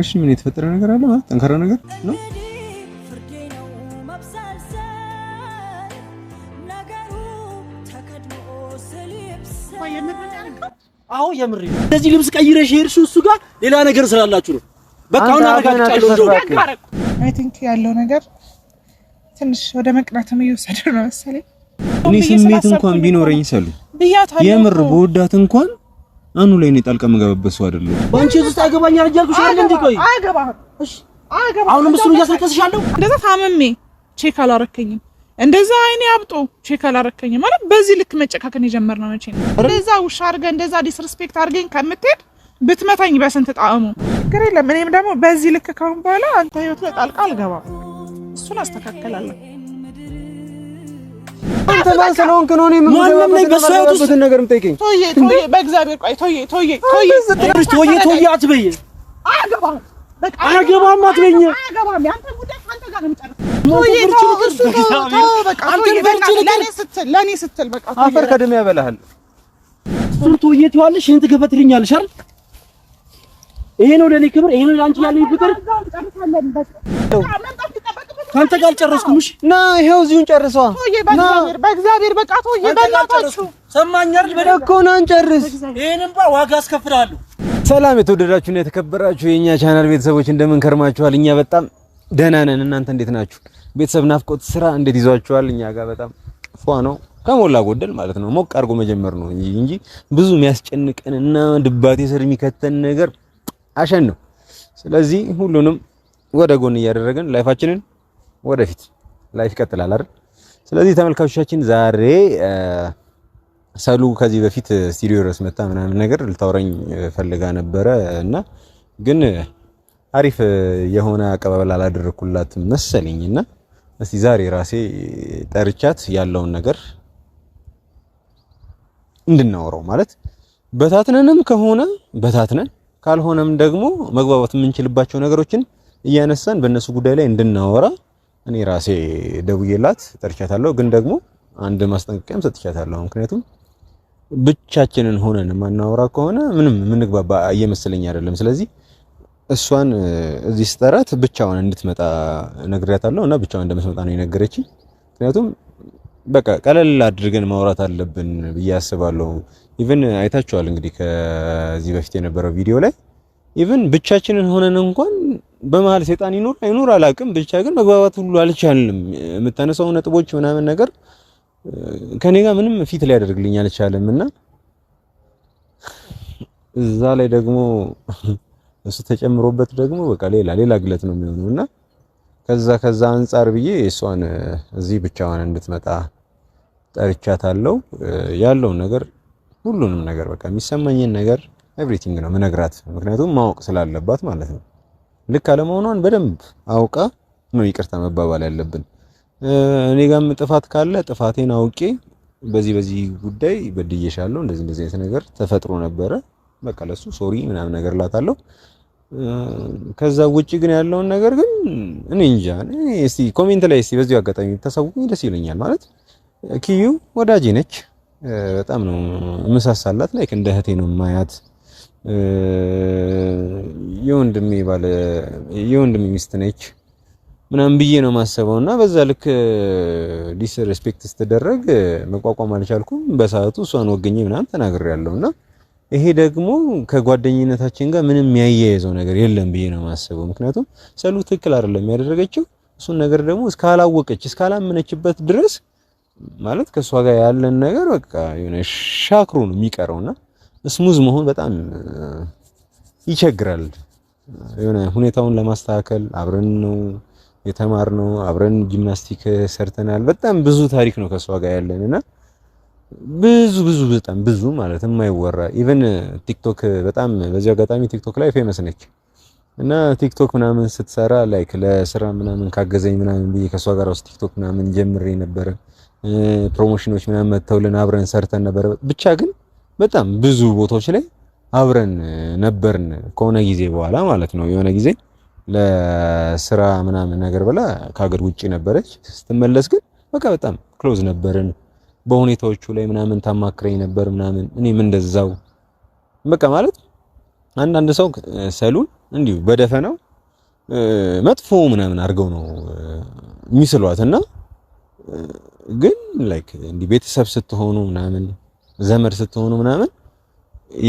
እሺ ምን የተፈጠረ ነገር አለ? ጠንካራ ነገር ነው። አዎ የምር እንደዚህ ልብስ ቀይረሽ ሄድሽው እሱ ጋር ሌላ ነገር ስላላችሁ ነው። በቃ አሁን አረጋግጫለሁ። አይ ቲንክ ያለው ነገር ትንሽ ወደ መቅናትም እየወሰደ ነው መሰለኝ። እኔ ስሜት እንኳን ቢኖረኝ ሰሉ የምር በወዳት እንኳን አኑ ላይ እኔ ጣልቃ መገበበት ሰው አይደለም። ባንቺ ውስጥ አገባኝ አልጃልኩሽ አይደል? እንዴ ቆይ አገባህ። እሺ አገባህ። አሁንም እሱን እያስለቀስሻለሁ። እንደዛ ታመሜ ቼክ አላረከኝም። እንደዛ አይኔ አብጦ ቼክ አላረከኝም። ማለት በዚህ ልክ መጨካከን የጀመርነው መቼ ነው? እንደዛ ውሻ አድርገህ እንደዛ ዲስሪስፔክት አድርገኝ ከምትሄድ ብትመታኝ በስንት ጣዕሙ። ችግር የለም። እኔም ደግሞ በዚህ ልክ ካሁን በኋላ አንተ ህይወት ላይ ጣልቃ አልገባም። እሱን አስተካከላለሁ። አንተ ማን ስለሆንክ ነው እኔ ማንም ነኝ በእሱ ህይወት ውስጥ ነገር የምጠይቀኝ? ቶዬ ቶዬ፣ ቶዬ ቶዬ ቶዬ ቶዬ አትበይ። አፈር ከደም ያበላሃል። እሱን ቶዬ ትይዋለሽ፣ ይሄን ትገፈትልኛለሽ አይደል? ይሄ ነው ለኔ ክብር፣ ይሄ ነው ለአንቺ ያለኝ ፍቅር። አንተ ጋር አልጨረስኩም። እሺ ና ይሄው እዚሁን ጨርሰዋ። በእግዚአብሔር በቃ ተወዬ፣ በእናታችሁ ሰማኛል። በደኮ እኮ ና እንጨርስ። ባ ዋጋ አስከፍልሃለሁ። ሰላም የተወደዳችሁ እና የተከበራችሁ የኛ ቻናል ቤተሰቦች እንደምን ከርማችኋል? እኛ በጣም ደህና ነን። እናንተ እንዴት ናችሁ? ቤተሰብ ናፍቆት፣ ስራ እንዴት ይዟችኋል? እኛ ጋር በጣም ፏ ነው ከሞላ ጎደል ማለት ነው። ሞቅ አድርጎ መጀመር ነው እንጂ ብዙ የሚያስጨንቀንና ድባቴ ስር የሚከተን ነገር አሸን ነው። ስለዚህ ሁሉንም ወደ ጎን እያደረገን ላይፋችንን ወደፊት ላይፍ ይቀጥላል አይደል? ስለዚህ ተመልካቾቻችን ዛሬ ሰሉ ከዚህ በፊት ስቱዲዮ ድረስ መጣ ምናምን ነገር ልታወራኝ ፈልጋ ነበረ እና ግን አሪፍ የሆነ አቀባበል አላደረኩላት መሰለኝ እና እስቲ ዛሬ ራሴ ጠርቻት ያለውን ነገር እንድናወራው ማለት በታትነንም ከሆነ በታትነን ካልሆነም ደግሞ መግባባት የምንችልባቸው ነገሮችን እያነሳን በእነሱ ጉዳይ ላይ እንድናወራ እኔ ራሴ ደውዬላት ጠርቻታለሁ። ግን ደግሞ አንድ ማስጠንቀቂያም ሰጥቻታለሁ። ምክንያቱም ብቻችንን ሆነን የማናወራ ከሆነ ምንም የምንግባባ እየመሰለኝ አይደለም። ስለዚህ እሷን እዚህ ስጠራት ብቻውን እንድትመጣ ነግሬያታለሁ እና ብቻውን እንደምትመጣ ነው የነገረችኝ። ምክንያቱም በቃ ቀለል አድርገን ማውራት አለብን ብዬ አስባለሁ። ኢቭን አይታችኋል እንግዲህ ከዚህ በፊት የነበረው ቪዲዮ ላይ ኢቭን ብቻችንን ሆነን እንኳን በመሀል ሰይጣን ይኑር አይኑር አላውቅም፣ ብቻ ግን መግባባት ሁሉ አልቻልም። የምታነሳው ነጥቦች ምናምን ነገር ከኔ ጋር ምንም ፊት ሊያደርግልኝ አልቻለም እና እዛ ላይ ደግሞ እሱ ተጨምሮበት ደግሞ በቃ ሌላ ሌላ ግለት ነው የሚሆነው እና ከዛ ከዛ አንጻር ብዬ እሷን እዚህ ብቻዋን እንድትመጣ ጠርቻታለሁ። ያለውን ነገር ሁሉንም ነገር በቃ የሚሰማኝን ነገር ኤቭሪቲንግ ነው ምነግራት፣ ምክንያቱም ማወቅ ስላለባት ማለት ነው። ልክ አለመሆኗን በደንብ አውቃ ነው ይቅርታ መባባል ያለብን። እኔ ጋም ጥፋት ካለ ጥፋቴን አውቄ በዚህ በዚህ ጉዳይ በድየሻለሁ፣ እንደዚህ እንደዚህ አይነት ነገር ተፈጥሮ ነበረ፣ በቃ ለሱ ሶሪ ምናምን ነገር ላታለሁ። ከዛ ውጪ ግን ያለውን ነገር ግን እኔ እንጃ። እስቲ ኮሜንት ላይ እስቲ በዚህ አጋጣሚ ተሰውኝ ደስ ይለኛል። ማለት ኪዩ ወዳጄ ነች፣ በጣም ነው ምሳሳላት፣ ላይክ እንደ እህቴ ነው ማያት የወንድሜ ባለ የወንድሜ ሚስት ነች ምናምን ብዬ ነው የማስበው እና በዛ ልክ ዲስሬስፔክት ስትደረግ መቋቋም አልቻልኩም። በሰዓቱ እሷን ወገኘ ምናምን ያለው እና ይሄ ደግሞ ከጓደኝነታችን ጋር ምንም የሚያያይዘው ነገር የለም ብዬ ነው የማስበው። ምክንያቱም ሰሉ ትክክል አይደለም ያደረገችው። እሱን ነገር ደግሞ እስካላወቀች እስካላመነችበት ድረስ ማለት ከእሷ ጋር ያለን ነገር በቃ የሆነ ሻክሮ ነው የሚቀረውና ስሙዝ መሆን በጣም ይቸግራል። የሆነ ሁኔታውን ለማስተካከል አብረን ነው የተማርነው፣ አብረን ጂምናስቲክ ሰርተናል። በጣም ብዙ ታሪክ ነው ከሷ ጋር ያለን እና ብዙ ብዙ በጣም ብዙ ማለት የማይወራ ኢቨን ቲክቶክ በጣም በዚህ አጋጣሚ ቲክቶክ ላይ ፌመስ ነች እና ቲክቶክ ምናምን ስትሰራ ላይክ ለስራ ምናምን ካገዘኝ ምናምን ብዬ ከሷ ጋር ውስጥ ቲክቶክ ምናምን ጀምሬ ነበረ። ፕሮሞሽኖች ምናምን መተውልን አብረን ሰርተን ነበረ ብቻ ግን በጣም ብዙ ቦታዎች ላይ አብረን ነበርን። ከሆነ ጊዜ በኋላ ማለት ነው። የሆነ ጊዜ ለስራ ምናምን ነገር ብላ ከሀገር ውጭ ነበረች። ስትመለስ ግን በቃ በጣም ክሎዝ ነበርን። በሁኔታዎቹ ላይ ምናምን ታማክረኝ ነበር ምናምን፣ እኔም እንደዛው በቃ ማለት አንዳንድ ሰው ሰሉን እንዲሁ በደፈነው መጥፎ ምናምን አድርገው ነው የሚስሏት እና ግን ላይክ እንዲህ ቤተሰብ ስትሆኑ ምናምን ዘመድ ስትሆኑ ምናምን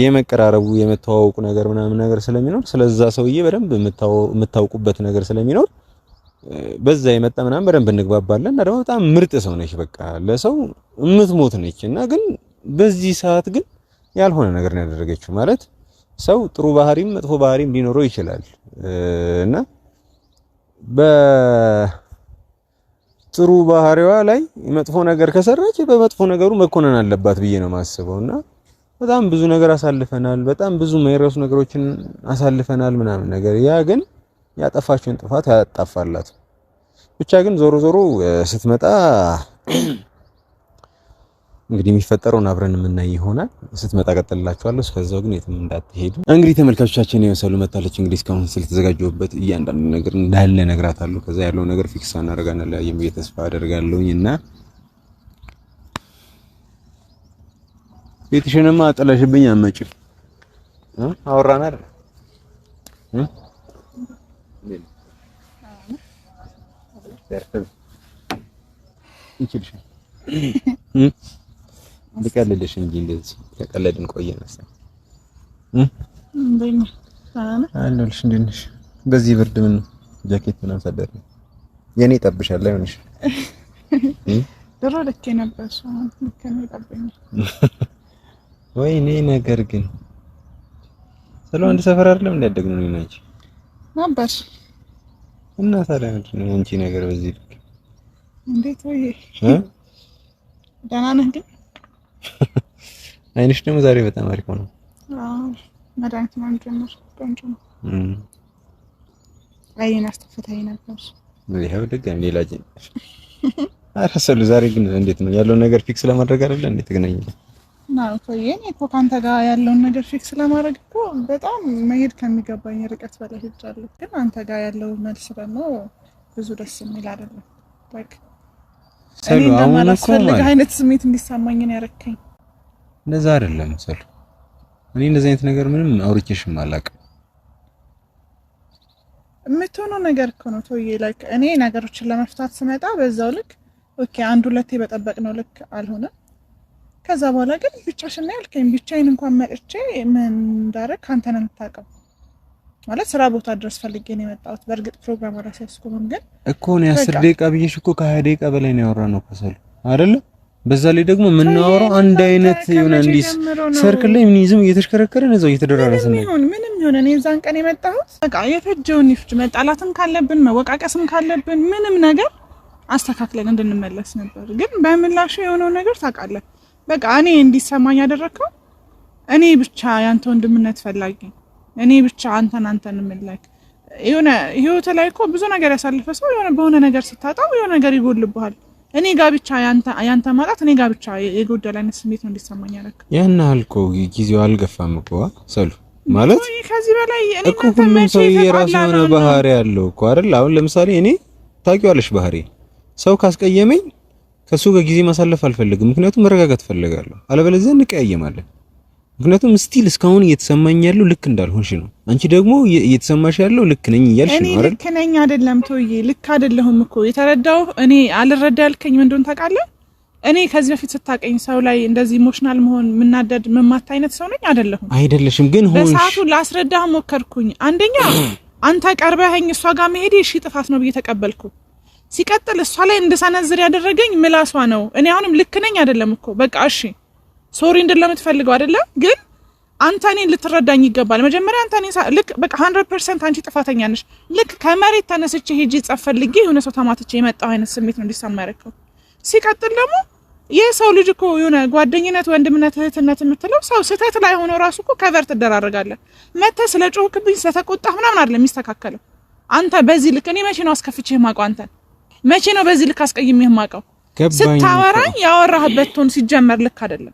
የመቀራረቡ የመተዋወቁ ነገር ምናምን ነገር ስለሚኖር ስለዛ ሰውዬ በደንብ የምታውቁበት ነገር ስለሚኖር በዛ የመጣ ምናምን በደንብ እንግባባለን እና ደግሞ በጣም ምርጥ ሰው ነች። በቃ ለሰው የምትሞት ነች። እና ግን በዚህ ሰዓት ግን ያልሆነ ነገር ነው ያደረገችው። ማለት ሰው ጥሩ ባህሪም መጥፎ ባህሪም ሊኖረው ይችላል እና በ ጥሩ ባህሪዋ ላይ መጥፎ ነገር ከሰራች በመጥፎ ነገሩ መኮነን አለባት ብዬ ነው የማስበው። እና በጣም ብዙ ነገር አሳልፈናል፣ በጣም ብዙ የማይረሱ ነገሮችን አሳልፈናል ምናምን ነገር ያ ግን ያጠፋችውን ጥፋት ያጣፋላት ብቻ ግን ዞሮ ዞሮ ስትመጣ እንግዲህ የሚፈጠረውን አብረን የምናይ ይሆናል። ስትመጣ ቀጥልላችኋለሁ። እስከዛው ግን የትም እንዳትሄዱ። እንግዲህ ተመልካቾቻችን የመሰሉ መታለች። እንግዲህ እስካሁን ስለተዘጋጀሁበት እያንዳንዱ ነገር እንዳለ እነግራታለሁ። ከዛ ያለው ነገር ፊክስ እናደርጋለን። ለያየም ብዬ ተስፋ አደርጋለሁኝ እና ቤትሽንማ አጠላሽብኝ አትመጭም። አወራን አይደል? ይችልሻል ልቀልልሽ እንጂ እንደዚህ ተቀለድን ቆየ መሰለኝ አለሁልሽ። ነሽ? በዚህ ብርድ ምን ጃኬት ምናምን ሰደር ነው የኔ ጠብሻል። አይሆንሽ ድሮ ልኬ ነበር ወይ ነገር ግን ስለ አንድ ሰፈር አይደለም እንዳደግነው ነው ነበር እና ታዲያ ምንድን ነው ነገር በዚህ ልክ እንዴት ወይ ደህና ነህ ግን አይንሽ ደግሞ ዛሬ በጣም አሪፍ ነው። አዎ መድኃኒት ቆንጆ ነው። አስተፈታኝ ነበር። ይኸው ድጋሚ ሌላ ዛሬ ግን እንዴት ነው ያለውን ነገር ፊክስ ለማድረግ አይደለ እንዴት ተገናኘ? ናው እኔ እኮ ከአንተ ጋር ያለውን ነገር ፊክስ ለማድረግ እኮ በጣም መሄድ ከሚገባኝ ርቀት በላይ ሄጃለሁ። ግን አንተ ጋር ያለው መልስ ደግሞ ብዙ ደስ የሚል አይደለም። በቃ ሰሉ አሁን እኮ ማለት አይነት ስሜት እንዲሰማኝ ነው ያረከኝ። እንደዛ አይደለም ሰሉ። እኔ እንደዚህ አይነት ነገር ምንም አውርቼሽም አላውቅም። የምትሆነው ነገር እኮ ነው ላይክ እኔ ነገሮችን ለመፍታት ስመጣ በዛው ልክ ኦኬ፣ አንድ ሁለቴ በጠበቅ ነው ልክ አልሆነም። ከዛ በኋላ ግን ብቻሽን ያልከኝ። ብቻዬን እንኳን መጥቼ ምን እንዳደረግ ነው የምታውቀው። ማለት ስራ ቦታ ድረስ ፈልጌ ነው የመጣሁት። በእርግጥ ፕሮግራም ራሴ ያስቆመም ግን እኮ ነው አስር ደቂቃ ብዬሽ እኮ ከሀያ ደቂቃ በላይ ነው ያወራ ነው ከሰሉ አይደለ? በዛ ላይ ደግሞ የምናወራው አንድ አይነት የሆነ እንዲህ ሰርክል ላይ ምን ይዝም እየተሽከረከረ ነው እዛው እየተደራረሰ ነው። ምንም ይሁን እኔ እዛን ቀን የመጣሁት በቃ የፈጀውን ይፍጅ። መጣላትም ካለብን መወቃቀስም ካለብን ምንም ነገር አስተካክለን እንድንመለስ ነበር። ግን በምላሹ የሆነው ነገር ታውቃለህ። በቃ እኔ እንዲሰማኝ ያደረግከው እኔ ብቻ ያንተ ወንድምነት ፈላጊ እኔ ብቻ አንተን አንተን የምልህ የሆነ ህይወት ላይ እኮ ብዙ ነገር ያሳልፈ ሰው የሆነ በሆነ ነገር ስታጣው የሆነ ነገር ይጎልብሃል። እኔ ጋር ብቻ ያንተ ማጣት እኔ ጋር ብቻ የጎደል አይነት ስሜት ነው እንዲሰማኝ ያደረክ። ያን አልኮ እኮ ጊዜው አልገፋም እኮ ሰሉ ማለት ከዚህ በላይ እኮ ሁሉም ሰው የራሱ የሆነ ባህሪ ያለው እኮ አይደል? አሁን ለምሳሌ እኔ ታውቂዋለሽ ባህሪ ሰው ካስቀየመኝ ከሱ ጋር ጊዜ ማሳለፍ አልፈልግም። ምክንያቱም መረጋጋት ፈልጋለሁ። አለበለዚያ እንቀያየማለን። ምክንያቱም ስቲል እስካሁን እየተሰማኝ ያለው ልክ እንዳልሆንሽ ነው። አንቺ ደግሞ እየተሰማሽ ያለው ልክ ነኝ እያልሽ ነው አይደል? እኔ ልክ ነኝ አይደለም ተውዬ፣ ልክ አይደለሁም እኮ የተረዳው እኔ አልረዳ ያልከኝ ምን እንደሆነ ታውቃለህ። እኔ ከዚህ በፊት ስታቀኝ ሰው ላይ እንደዚህ ኢሞሽናል መሆን የምናደድ መማት አይነት ሰው ነኝ አይደለሁም። አይደለሽም፣ ግን ሆንሽ። በሰዓቱ ላስረዳህ ሞከርኩኝ። አንደኛ አንተ ቀርበኸኝ እሷ ጋር መሄድ እሺ ጥፋት ነው ብዬ ተቀበልኩ። ሲቀጥል እሷ ላይ እንደሰነዝር ያደረገኝ ምላሷ ነው። እኔ አሁንም ልክ ነኝ አይደለም እኮ በቃ እሺ ሶሪ እንድን ለምትፈልገው አይደለም ግን አንተ እኔን ልትረዳኝ ይገባል። መጀመሪያ አንተ እኔን ልክ በቃ 100% አንቺ ጥፋተኛ ነሽ። ልክ ከመሬት ተነስቼ ሄጂ ጸፈልጌ የሆነ ሰው ተማትቼ የመጣው አይነት ስሜት ነው እንዲሰማ ያደረከው። ሲቀጥል ደግሞ ሰው ልጅ እኮ የሆነ ጓደኝነት፣ ወንድምነት፣ እህትነት የምትለው ሰው ስህተት ላይ ሆኖ ራሱ እኮ ከቨር ትደራረጋለህ። መተህ ስለ ጮህክብኝ ስለተቆጣህ ምናምን አይደለም የሚስተካከለው። አንተ በዚህ ልክ እኔ መቼ ነው አስከፍቼ የማውቀው? አንተን መቼ ነው በዚህ ልክ አስቀይሜ የማውቀው? ስታወራኝ ያወራህበት ቶን ሲጀመር ልክ አይደለም።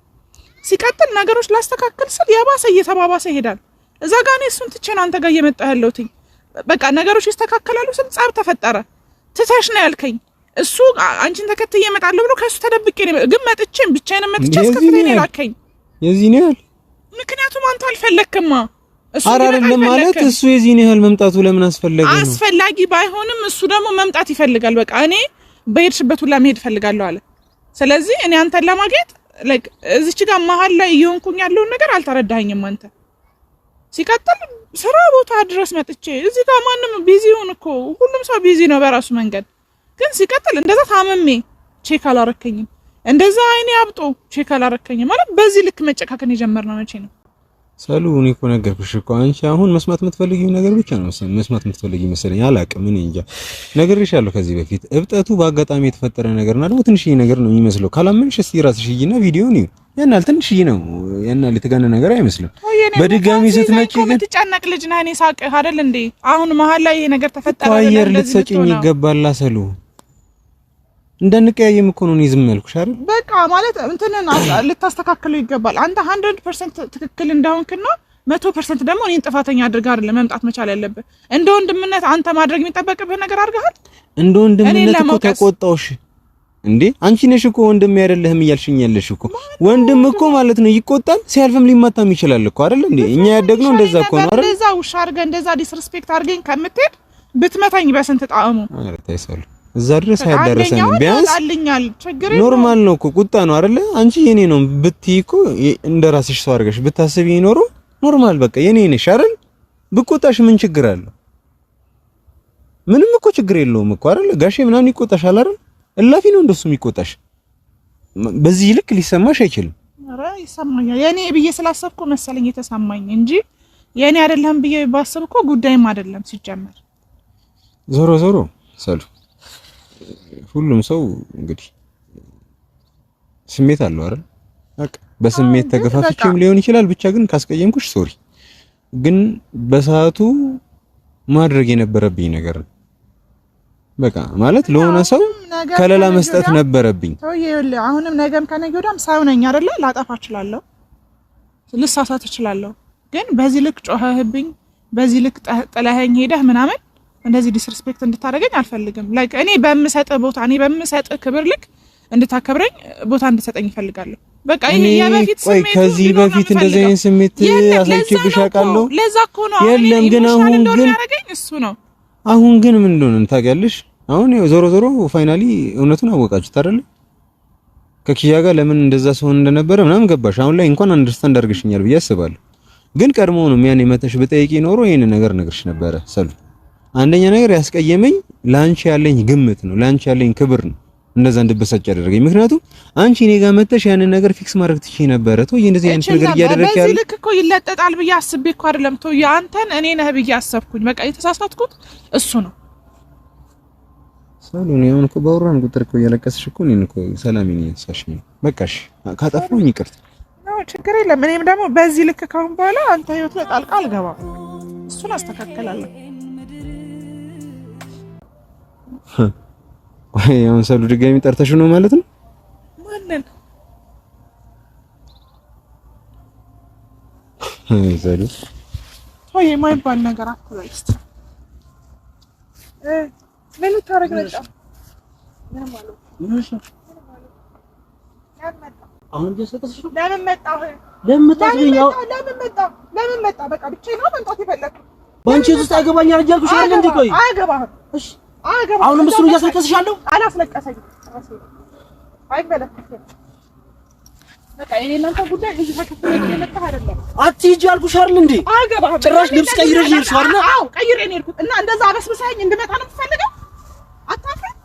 ሲቀጥል ነገሮች ላስተካከል ስል የባሰ እየተባባሰ ይሄዳል። እዛ ጋ እኔ እሱን ትቼ ነው አንተ ጋር እየመጣ ያለሁትኝ። በቃ ነገሮች ይስተካከላሉ ስል ጸብ ተፈጠረ። ትተሽ ነው ያልከኝ። እሱ አንቺን ተከትዬ እመጣለሁ ብሎ ከእሱ ተደብቄ ግን መጥቼም ብቻዬን መጥቼ አስከትለኝ የላከኝ የዚህ ነው ያህል ምክንያቱም አንተ አልፈለክማ አራርልም ማለት እሱ የዚህን ያህል መምጣቱ ለምን አስፈላጊ ነው? አስፈላጊ ባይሆንም እሱ ደግሞ መምጣት ይፈልጋል። በቃ እኔ በሄድሽበት ሁላ መሄድ እፈልጋለሁ አለ። ስለዚህ እኔ አንተን ለማግኘት ላይክ እዚች ጋር መሀል ላይ እየሆንኩኝ ያለውን ነገር አልተረዳኸኝም አንተ። ሲቀጥል ስራ ቦታ ድረስ መጥቼ እዚህ ጋር ማንም ቢዚ ሆን እኮ ሁሉም ሰው ቢዚ ነው በራሱ መንገድ። ግን ሲቀጥል እንደዛ ታመሜ ቼክ አላረከኝም፣ እንደዛ አይኔ አብጦ ቼክ አላረከኝም። ማለት በዚህ ልክ መጨካከን የጀመርነው መቼ ነው? ሳሉ እኔ እኮ ነገርኩሽ እኮ አንቺ አሁን መስማት የምትፈልጊው ነገር ብቻ ነው መስማት የምትፈልጊው መሰለኝ። አላውቅም፣ እኔ እንጃ። ነግሬሻለሁ ከዚህ በፊት እብጠቱ በአጋጣሚ የተፈጠረ ነገርና ደግሞ ትንሽዬ ነገር ነው የሚመስለው። ካላመንሽ እስቲ ራስሽ ሂጂና ቪዲዮ ነው ያናል፣ ትንሽዬ ነው ያናል፣ የተጋነ ነገር አይመስልም። በድጋሚ ስትመጪ ግን የምትጨነቅ ልጅ ነህ። እኔ ሳቅህ አይደል እንዴ? አሁን መሀል ላይ ይሄ ነገር ተፈጠረ አይደል? ልትሰጪኝ ይገባላ ሰሉ እንደንቀያየም እኮ ነው ዝም ያልኩሽ አይደል? በቃ ማለት እንትንን ልታስተካክለው ይገባል። አንተ 100% ትክክል እንደሆንክና 100% ደግሞ እኔን ጥፋተኛ አድርገህ አይደለም መምጣት መቻል ያለብህ። እንደ ወንድምነት አንተ ማድረግ የሚጠበቅብህ ነገር አድርገሃል። እንደ ወንድምነት እኮ ተቆጣውሽ እንዴ? አንቺ ነሽ እኮ ወንድም አይደለህም እያልሽኝ ያለሽ እኮ። ወንድም እኮ ማለት ነው ይቆጣል፣ ሲያልፍም ሊማታም ይችላል እኮ አይደል? እንዴ እኛ ያደግነው እንደዛ እኮ ነው አይደል? እንደዛ ውሻ አድርገህ እንደዛ ዲስሪስፔክት አድርገኝ ከምትሄድ ብትመታኝ በስንት ጣዕሙ እዛ ድረስ አያዳረሰንም። ቢያንስ ኖርማል ነው እኮ ቁጣ ነው አይደለ? አንቺ የኔ ነው ብትይ እኮ እንደራስሽ ሰው አድርገሽ ብታስብ ይኖሩ ኖርማል በቃ የኔ ነሽ አይደል? ብቆጣሽ ምን ችግር አለው? ምንም እኮ ችግር የለውም እኮ አይደል? ጋሼ ምናምን ይቆጣሻል አይደል? እላፊ ነው እንደሱ የሚቆጣሽ። በዚህ ልክ ሊሰማሽ አይችልም። ኧረ ይሰማኛል። የኔ ብዬ ስላሰብኩ መሰለኝ የተሰማኝ እንጂ የኔ አይደለም ብዬ ባሰብኩ ጉዳይም አይደለም ሲጀመር ዞሮ ዞሮ ሰሉ ሁሉም ሰው እንግዲህ ስሜት አለው አይደል? በቃ በስሜት ተገፋፍቼም ሊሆን ይችላል። ብቻ ግን ካስቀየምኩሽ ሶሪ። ግን በሰዓቱ ማድረግ የነበረብኝ ነገር በቃ ማለት ለሆነ ሰው ከለላ መስጠት ነበረብኝ። አሁንም ነገም ከነገ ወዲያም ሰው ነኝ አይደለ? ላጠፋ እችላለሁ፣ ልሳሳት እችላለሁ። ግን በዚህ ልክ ጮኸህብኝ፣ በዚህ ልክ ጥለኸኝ ሄደህ ምናምን እንደዚህ ዲስሪስፔክት እንድታደርገኝ አልፈልግም። ላይክ እኔ በምሰጥ ቦታ እኔ በምሰጥ ክብር ልክ እንድታከብረኝ ቦታ እንድሰጠኝ ይፈልጋለሁ። በቃ ይሄ የበፊት ስሜት ከዚህ በፊት እንደዚህ አይነት ስሜት አሳይቼብሽ አውቃለሁ። ለዛ እኮ ነው የለም። ግን አሁን ግን እሱ ነው። አሁን ግን ምን እንደሆነ ታውቂያለሽ። አሁን ዞሮ ዞሮ ፋይናሊ እውነቱን አወቃችሁ አይደል? ከኪያ ጋር ለምን እንደዛ ሲሆን እንደነበረ ምናምን ገባሽ። አሁን ላይ እንኳን አንደርስታንድ አድርገሽኛል ብዬ አስባለሁ። ግን ቀድሞውንም ያኔ መተሽ ብጠይቂ ኖሮ ይሄን ነገር ነግርሽ ነበረ ሰሉ አንደኛ ነገር ያስቀየመኝ ላንቺ ያለኝ ግምት ነው፣ ላንቺ ያለኝ ክብር ነው እንደዛ እንድበሳጭ ያደረገኝ። ምክንያቱም አንቺ እኔ ጋር መተሽ ያንን ነገር ፊክስ ማድረግ ትቺ ነበረ። ተው እንደዚህ አይነት ነገር እያደረግሽ ያለ በዚህ ልክ እኮ ይለጠጣል ብዬ አስቤ እኮ አይደለም። ተው ያንተን እኔ ነህ ብዬ አሰብኩኝ። በቃ የተሳሳትኩት እሱ ነው። ሰሎኔ አሁን እኮ ባወራን ቁጥር እኮ እያለቀስሽ እኮ እኔን እኮ ሰላም እኔ ያሳሽኝ። በቃሽ ካጠፋሁኝ ይቅርት ነው፣ ችግር የለም። እኔም ደግሞ በዚህ ልክ ካሁን በኋላ አንተ ህይወት ላይ ጣልቃ አልገባም። እሱን አስተካክላለሁ። ወይ አሁን ሰሉ ድጋሚ ጠርተሽ ነው ማለት ነው? ማንን? አይ ሰሉ ወይ የማይባል ነገር አትበይ እ ምን ታረግ መጣ? ምንም አልወጣም። እሺ አሁን እየሰጠሽ ነው። ለምን መጣሁ? ለምን መጣሁ? ለምን መጣ? ለምን መጣሁ? በቃ ብቻ ነው መምጣት የፈለኩት። በአንቺ ውስጥ አገባኛል እያልኩሽ አይደል? እንዴ ቆይ አገባህ? እሺ አሁንም እሱን እያስለቀስሻለሁ። አላስለቀሰኝ። አትሂጂ አልኩሽ አይደል እንዴ? ጭራሽ ልብስ ቀይረሽ ይልሽ እና እንደዛ አበስብሰኸኝ እንድመጣ ነው የምትፈልገው?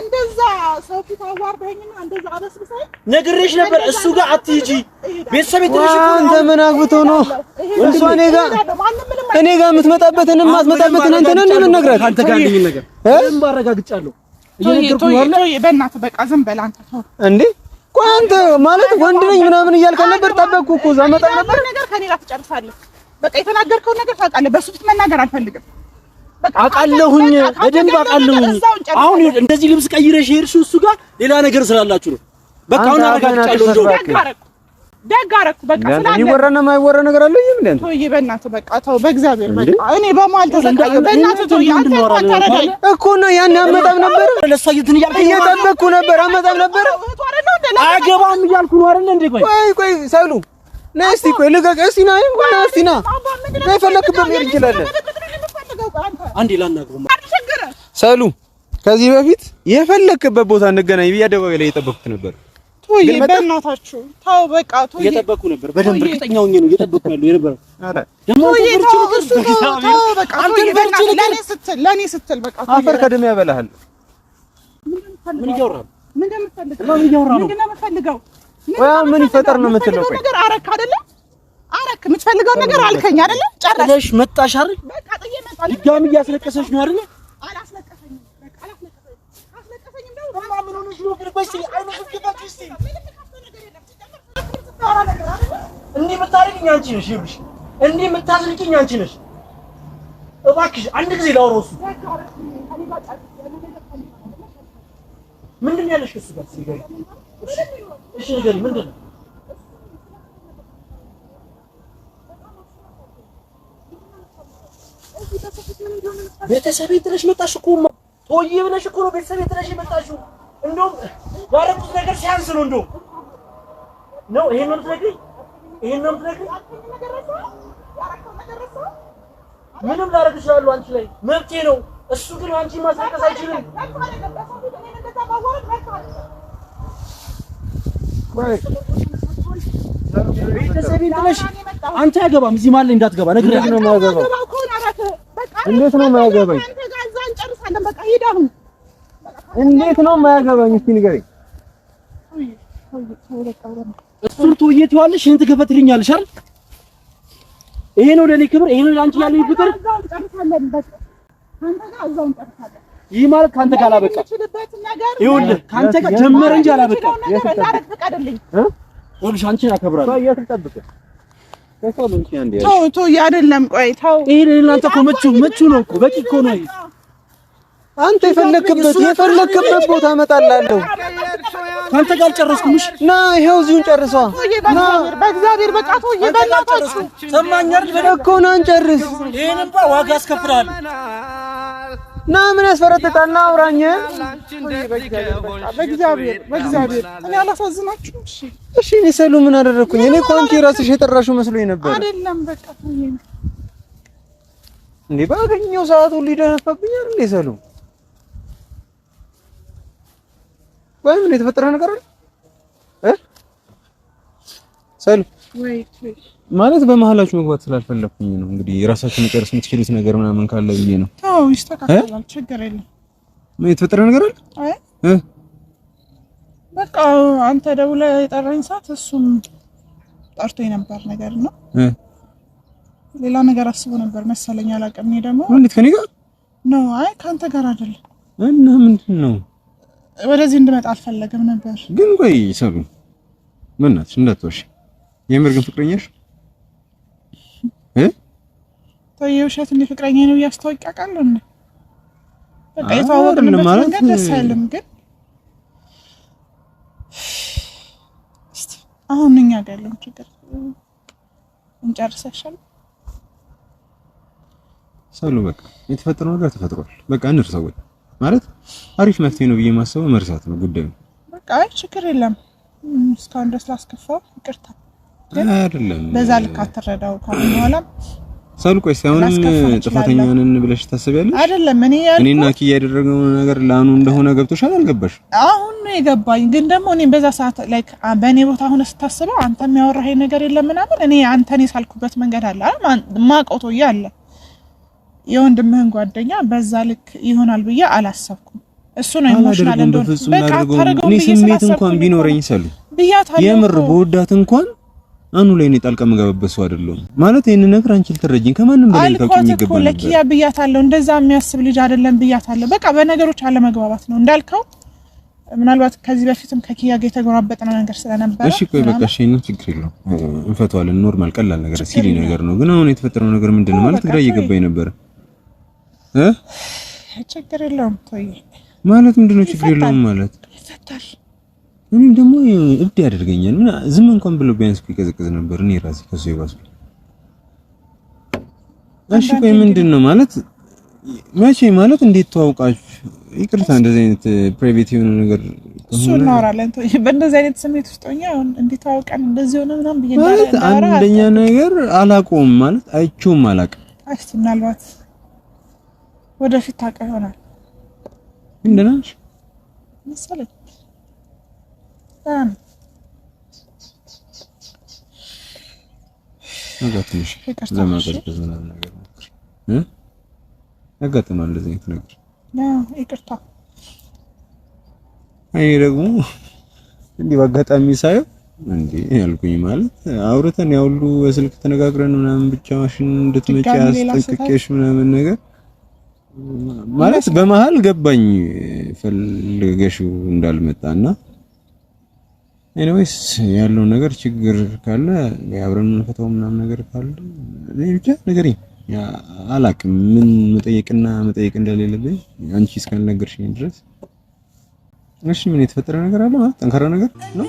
እንደዛ ሰው ፊት አዋርደኝና እንደዛ አበስብሳይ ነግሬሽ ነበር። እሱ ጋር አትሂጂ። ቤተሰብ ትንሽ አንተ ምን አግብቶ ነው እሷ እኔ ጋር እኔ ጋር የምትመጣበትን የማትመጣበትን አንተ ነህ የምነግራት። አንተ ጋር እንደምን ነገር ምን ባረጋግጫለሁ። በእናትህ በቃ ዝም በል አንተ ተው እንዴ። ቆይ አንተ ማለት ወንድ ነኝ ምናምን እያልክ ነበር። ጠበቅኩ እኮ እዛ እመጣ ነበር። ነገር ከኔ ጋር ትጨርሳለህ። በቃ የተናገርከውን ነገር ታውቃለህ። በእሱ ፊት መናገር አልፈልግም። አቃለሁኝ በደንብ አውቃለሁኝ። አሁን እንደዚህ ልብስ ቀይረሽ ሄድሽው እሱ ጋር ሌላ ነገር ስላላችሁ ነው። በቃ አሁን አረጋግጫለሁ። ደግ አደረኩ። በቃ ስላለ ይወራና ማይወራ ነገር አለ። ይሄ ምን በቃ በእግዚአብሔር በቃ እኔ በማል እኮ ነው። ያን አመጣም ነበር ነበር። አመጣም ነበር አገባም እያልኩ ነው አይደል ቆይ ቆይ ቆይ፣ ቆይ ሰሉ ከዚህ በፊት የፈለክበት ቦታ እንገናኝ ብዬ አደባባይ ላይ የጠበኩት ነበር። ቶዬ በእናታችሁ ተው፣ በቃ ቶዬ እየጠበኩ ነበር። በደንብ እርግጠኛ ሆኜ ነው እየጠበኩ ያለው የነበረ። እሱ በቃ ስትል ስትል በቃ አፈር ከድሜ ያበላሃል። ምን ምን ምን ይፈጠር ነው የምትለው? ነገር አረክ አይደለም አረክ የምትፈልገው ነገር አልከኝ አይደለ? ጨረሽ መጣሽ አይደል? በቃ ጥዬ መጣሁ። ድጋሚ እያስለቀሰች ነው አይደለ? እንዲህ የምታደርጊኝ አንቺ ነሽ። ይኸውልሽ እንዲህ የምታስልቂኝ አንቺ ነሽ። እባክሽ አንድ ጊዜ ላውራው። እሱ ምንድን ነው ያለሽ? ጋር ሲገኝ እሺ፣ ንገሪኝ ምንድን ነው ቤተሰቤ ጥለሽ መጣሽ እኮ ቶዬ ብለሽ እኮ ነው ቤተሰቤ ጥለሽ መጣሽው። እንደውም ያደረኩት ነገር ሲያንስ ነው። እንደውም ነው ይሄን ነው የምትነግሪኝ? ይሄን ነው የምትነግሪኝ? ምንም ላደርግ እችላለሁ አንቺ ላይ መብቴ ነው። እሱ ግን አንቺ ማስለቀስ አይችልም። ቤተሰቤን ጥለሽ አንተ ያገባም እዚህ ማለት እንዳትገባ ነግሬሽ ነው የማገባው እንዴት ነው የማያገባኝ? እንዴት ነው የማያገባኝ? እስኪ ንገረኝ። እሱን ትወየዋለሽ፣ ይሄን ትገፈትልኛለሽ አይደል? ይሄ ነው ለኔ ክብር፣ ይሄ ነው ለአንቺ ያለኝ ፍቅር። ይህ ማለት ከአንተ ጋር አላበቃ። ይኸውልህ ከአንተ ጋር ጀመረ እንጂ አላበቃ። ይኸውልሽ አንቺን አከብራለሁ። ተው ተው፣ አይደለም ቆይ ተው። ይሄ ለእናንተ እኮ መቹ ምቹ ነው እኮ በቂ እኮ ነው። አንተ የፈለክበት የፈለክበት ቦታ እመጣልሃለሁ። አንተ ጋር አልጨረስኩምሽ። ና ይሄው እዚሁን ጨርሰዋ። ና በእግዚአብሔር በቃ ተው፣ እየበላችሁ ሰማኛል። በደኮና እንጨርስ። ይሄን እንኳን ዋጋ አስከፍልሃለሁ ና ምን ያስፈረጥጣል? ና አውራኝ። በእግዚአብሔር እኔ አላሳዝናችሁም። እሺ እኔ ሰሉ ምን አደረግኩኝ? እኔ እኮ አንቺ ራስሽ የጠራሽው መስሎኝ ነበር። አይደለም በቃ እንዴ ባገኘው ሰዓት ሁሉ እንዴ ሰሉ ወይ ምን የተፈጠረ ነገር አለ? ሰሉ ማለት በመሀላችሁ መግባት ስላልፈለኩኝ ነው። እንግዲህ የራሳችሁ መጨረስ የምትችሉት ነገር ምናምን ካለ ብዬ ነው። አዎ ይስተካከላል፣ ችግር የለም። የተፈጠረ ነገር አለ? አይ በቃ አንተ ደውለ የጠራኝ ሰዓት እሱም ጠርቶ የነበር ነገር ነው። ሌላ ነገር አስቦ ነበር መሰለኝ፣ አላውቅም። እኔ ደግሞ እንዴት ከኔ ጋር ነው? አይ ከአንተ ጋር አይደለም። እና ምንድን ነው ወደዚህ እንድመጣ አልፈለግም ነበር። ግን ቆይ ሰሉ ምናት እንዳትወሽ የምር ግን ፍቅረኛሽ እ ታየው ሸት እንደ ፍቅረኛ ነው ያስተዋወቀ ቃል ነው። በቃ የተዋወቅንበት መንገድ ደስ አይልም። ግን እስቲ አሁን እኛ ጋር ያለውን ችግር እንጨርስ ሰሉ በቃ የተፈጠረው ነገር ተፈጥሯል። በቃ እንርሳው ማለት አሪፍ መፍትሄ ነው ብዬ ማሰበው መርሳት ነው ጉዳዩ። በቃ ችግር የለም። እስካሁን ድረስ ላስከፋው ይቅርታ አይደለም በዛ ልክ አትረዳው ካለ በኋላ ሳል ቆይ ሳይሆን ጥፋተኛ ነን ብለሽ ታስቢያለሽ? አይደለም እኔ ያልኩት እኔና ኪያ ያደረገው ነገር ላኑ እንደሆነ ገብቶሻል። አልገባሽ? አሁን ነው የገባኝ። ግን ደግሞ እኔ በዛ ሰዓት ላይክ በእኔ ቦታ ሆነ ስታስበው አንተ የሚያወራህ ነገር የለም ምናምን እኔ አንተ አንተን ሳልኩበት መንገድ አለ አይደል? ማቆቶ ያለ የወንድምህን ጓደኛ በዛ ልክ ይሆናል ብዬ አላሰብኩም። እሱ ነው ኢሞሽናል እንደሆነ በቃ ታረጋው ብዬ ስሜት እንኳን ቢኖረኝ ሰሉ ብያታለሁ። የምር በወዳት እንኳን አኑ ላይ እኔ ጣልቃ መገበበት ሰው አይደለሁም። ማለት ይሄንን ነገር አንቺ ልትረጂኝ ከማንም በላይ ልታውቂ የሚገባ ነው። ለኪያ ብያታለሁ፣ እንደዛ የሚያስብ ልጅ አይደለም ብያታለሁ። በቃ በነገሮች አለመግባባት ነው እንዳልከው። ምናልባት ከዚህ በፊትም ከኪያ ጋር የተጎራበጠ ነገር ስለነበረ እሺ፣ ቆይ በቃ እሺ፣ ነው ችግር የለውም እንፈተዋለን። ኖርማል ቀላል ነገር ሲሊ ነገር ነው። ግን አሁን የተፈጠረው ነገር ምንድነው ማለት ግራ እየገባኝ ነበረ እ ችግር የለውም ማለት ምንድነው ችግር የለውም ማለት ይፈታል እኔ ደግሞ እብድ ያደርገኛል። ምን ዝም እንኳን ብሎ ቢያንስ ቢቀዘቅዝ ነበር። እኔ ራሴ ከሱ ይባስ። እሺ ቆይ ምንድን ነው ማለት መቼ ማለት እንዴት ተዋውቃችሁ? ይቅርታ እንደዚህ አይነት ፕራይቬት የሆነ ነገር እሱ እናወራለን። በእንደዚህ አይነት ስሜት ውስጥ አሁን እንዴት ተዋውቀን እንደዚህ ሆነ ብዬ አንደኛ ነገር አላውቀውም ማለት አይቼውም አላውቅም። እስኪ ምናልባት ወደፊት ታውቀው ይሆናል ምንድን ነው መሰለኝ ያጋጥማል እንደዚህ አይነት ነገር። ይቅርታ እኔ ደግሞ እንዲህ በአጋጣሚ ሳየው እንዴ ያልኩኝ ማለት አውርተን ያው ሁሉ በስልክ ተነጋግረን ምናምን ብቻ ማሽን እንድትመጪ አስጠንቅቄሽ ምናምን ነገር ማለት በመሀል ገባኝ ፈልገሽው እንዳልመጣና ኤኒዌይስ ያለው ነገር ችግር ካለ አብረን የምንፈታው ምናምን ነገር ካለ እኔ ብቻ ነገር አላቅም ምን መጠየቅና መጠየቅ እንደሌለብኝ አንቺ እስካልነገርሽኝ ድረስ። እሺ ምን የተፈጠረ ነገር አለ? ማለት ጠንካራ ነገር ነው።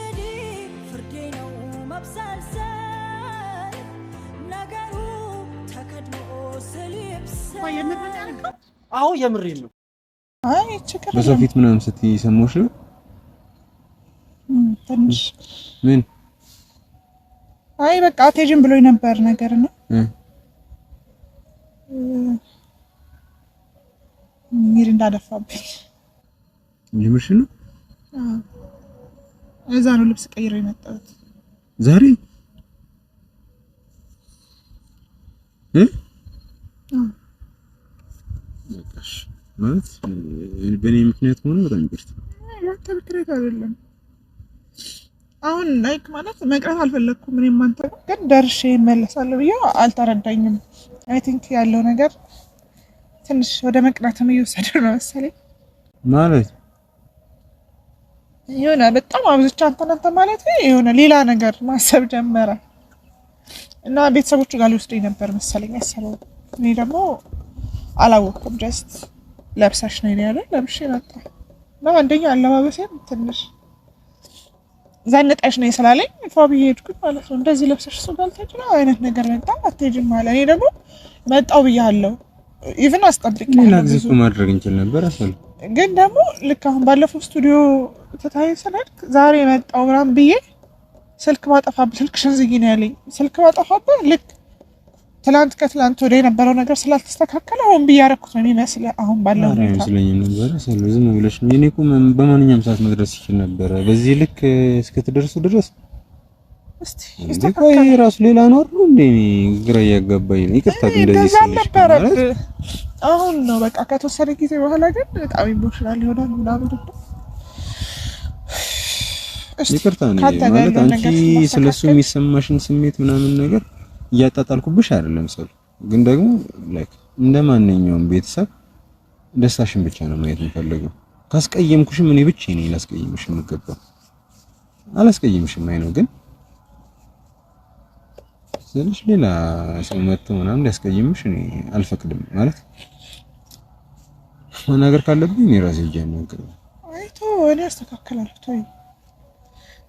አዎ የምሬን ነው። አይ ችግር በሰው ፊት ምናምን ስትይ ሰማሁሽ ነው ትንሽ ምን አይ በቃ አትሄጂም ብሎ የነበር ነገር ነው ሚር እንዳደፋብኝ የምርሽ ነው። እዛ ነው ልብስ ቀይሮ የመጣሁት ዛሬ እ ማለት በእኔ ምክንያት ሆነ በጣም ይቅርታ። ያንተ ምክንያት አይደለም። አሁን ላይክ ማለት መቅረት አልፈለግኩም። ምን አንተ ግን ደርሼ እመለሳለሁ ብዬ አልተረዳኝም። አይ ቲንክ ያለው ነገር ትንሽ ወደ መቅረትም እየወሰደ ነው መሰለኝ። ማለት የሆነ በጣም አብዝቻ አንተን ማለት የሆነ ሌላ ነገር ማሰብ ጀመረ እና ቤተሰቦቹ ጋር ሊወስደኝ ነበር መሰለኝ ያሰበው። እኔ ደግሞ አላወቅኩም። ጀስት ለብሳሽ ነው ያለ ለብሼ መጣ እና አንደኛ አለባበሴም ትንሽ ዘንጠሽ ነው ስላለኝ ፋብዬ ሄድኩኝ ማለት ነው። እንደዚህ ለብሰሽ እሱ ጋር ልትሄጂ ነው አይነት ነገር በጣም አትሄጂም አለ። እኔ ደግሞ መጣው ብያለሁ፣ ኢቭን አስጠብቂ ማድረግ እንችል ነበር አሰል ግን ደግሞ ልክ አሁን ባለፈው ስቱዲዮ ተታይ ስላልክ ዛሬ መጣው ምናምን ብዬ ስልክ ባጠፋብህ ስልክሽን ዝጊ ነው ያለኝ። ስልክ ባጠፋብህ ልክ ትላንት ከትላንት ወደ የነበረው ነገር ስላልተስተካከለ አሁን ብያረኩት ነው የሚመስለ አሁን ባለው ሁኔታ አይመስለኝም ነበረ። ዝም ብለሽ እኔ እኮ በማንኛውም ሰዓት መድረስ ይችል ነበረ። በዚህ ልክ እስከተደርሱ ድረስ እስቲ ራሱ ሌላ ኖር ነው እንዴ ግራ እያጋባኝ ነው። ይቅርታ ግን እንደዚህ ስልሽ አሁን ነው በቃ ከተወሰነ ጊዜ በኋላ ግን በጣም ኢሞሽናል ይሆናል ምናምን ይቅርታ ነው ማለት አንቺ ስለሱ የሚሰማሽን ስሜት ምናምን ነገር እያጣጣልኩብሽ አይደለም ሰው ግን ደግሞ ላይክ እንደ ማንኛውም ቤተሰብ ደስታሽን ብቻ ነው ማየት የምፈልገው። ካስቀየምኩሽም እኔ ብቻ ነኝ ላስቀየምሽ የምገባው። አላስቀየምሽም አይ ነው ግን ስለሽ ሌላ ሰው መጥቶ ምናምን ሊያስቀይምሽ እኔ አልፈቅድም። ማለት መናገር ካለብኝ እኔ ራሴ እጄ ነው። አይ ተወው፣ እኔ አስተካክላለሁ። ተወኝ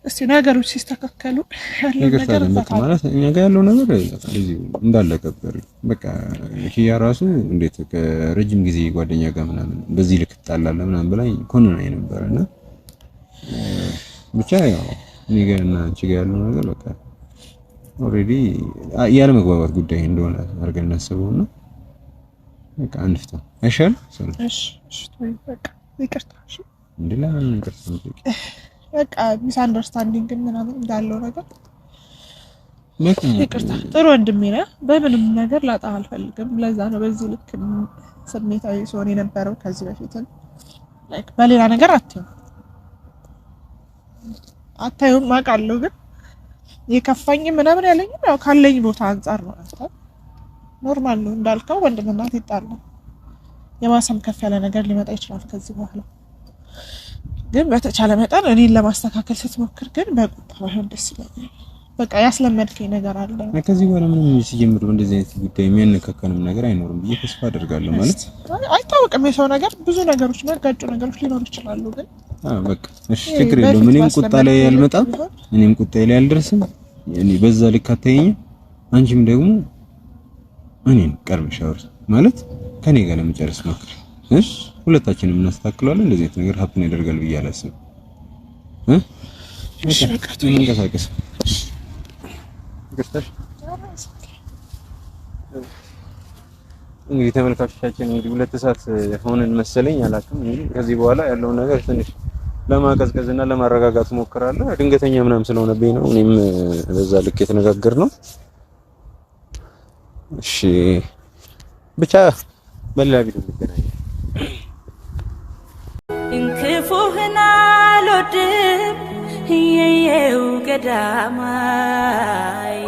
እስቲ ነገሮች ሲስተካከሉ ያለው ነገር ማለት እኛ ጋር ያለው ነገር እዚሁ እንዳለቀበር በቃ ኪያ ራሱ እንዴት ከረጅም ጊዜ ጓደኛ ጋር ምናምን በዚህ ልክ ትጣላለህ ምናምን ብላኝ ኮንናኝ ነበር እና ብቻ ያው እኔ ጋር እና አንቺ ጋር ያለው ነገር በቃ ኦልሬዲ ያለ መግባባት ጉዳይ እንደሆነ አድርገን እናስበው እና በቃ አንፍታ አይሻልም? እሺ እሺ፣ በቃ ይቅርታ። እሺ እንዴ ለምን ይቅርታ በቃ ሚስ አንደርስታንዲንግ ምናምን እንዳለው ነገር ይቅርታ፣ ጥሩ ወንድሜ ነህ። በምንም ነገር ላጣ አልፈልግም። ለዛ ነው በዚህ ልክ ስሜታዊ ሲሆን የነበረው ከዚህ በፊትም በሌላ ነገር አትይም አታዩም አውቃለሁ፣ ግን የከፋኝ ምናምን ያለኝም ያው ካለኝ ቦታ አንጻር ነው። አንተ ኖርማል ነው እንዳልከው ወንድምናት ይጣሉ። የማሰም ከፍ ያለ ነገር ሊመጣ ይችላል ከዚህ በኋላ ግን በተቻለ መጠን እኔን ለማስተካከል ስትሞክር ግን በቁጣ ባይሆን ደስ ይለኛል። በቃ ያስለመድከኝ ነገር አለ። ከዚህ በኋላ ምንም ሲጀምር እንደዚህ አይነት ጉዳይ የሚያነካከንም ነገር አይኖርም ብዬ ተስፋ አደርጋለሁ። ማለት አይታወቅም፣ የሰው ነገር ብዙ ነገሮች መጋጩ ነገሮች ሊኖሩ ይችላሉ። ግን በቃ እሺ፣ ችግር የለውም። እኔም ቁጣ ላይ አልመጣም፣ እኔም ቁጣ ላይ አልደርስም። እኔ በዛ ልክ አታየኝም። አንቺም ደግሞ እኔን ቀርበሽ አውሪ ማለት ከኔ ጋር ለመጨረስ ሞክሪ እሺ ሁለታችንም እናስተካክለዋለን። እንደዚህ አይነት ነገር ሀፕን ያደርጋል ብዬ አላስብም። እንቀሳቀስ እንግዲህ ተመልካቾቻችን እንግዲህ ሁለት ሰዓት ሆነን መሰለኝ አላውቅም። እንግዲህ ከዚህ በኋላ ያለውን ነገር ትንሽ ለማቀዝቀዝ እና ለማረጋጋት ሞክራለሁ። ድንገተኛ ምናምን ስለሆነብኝ ነው እኔም በዛ ልክ የተነጋገር ነው። እሺ ብቻ በሌላ ቪዲዮ እንገናኛለን። እንክፉህና ሎድብ እየየው ገዳማይ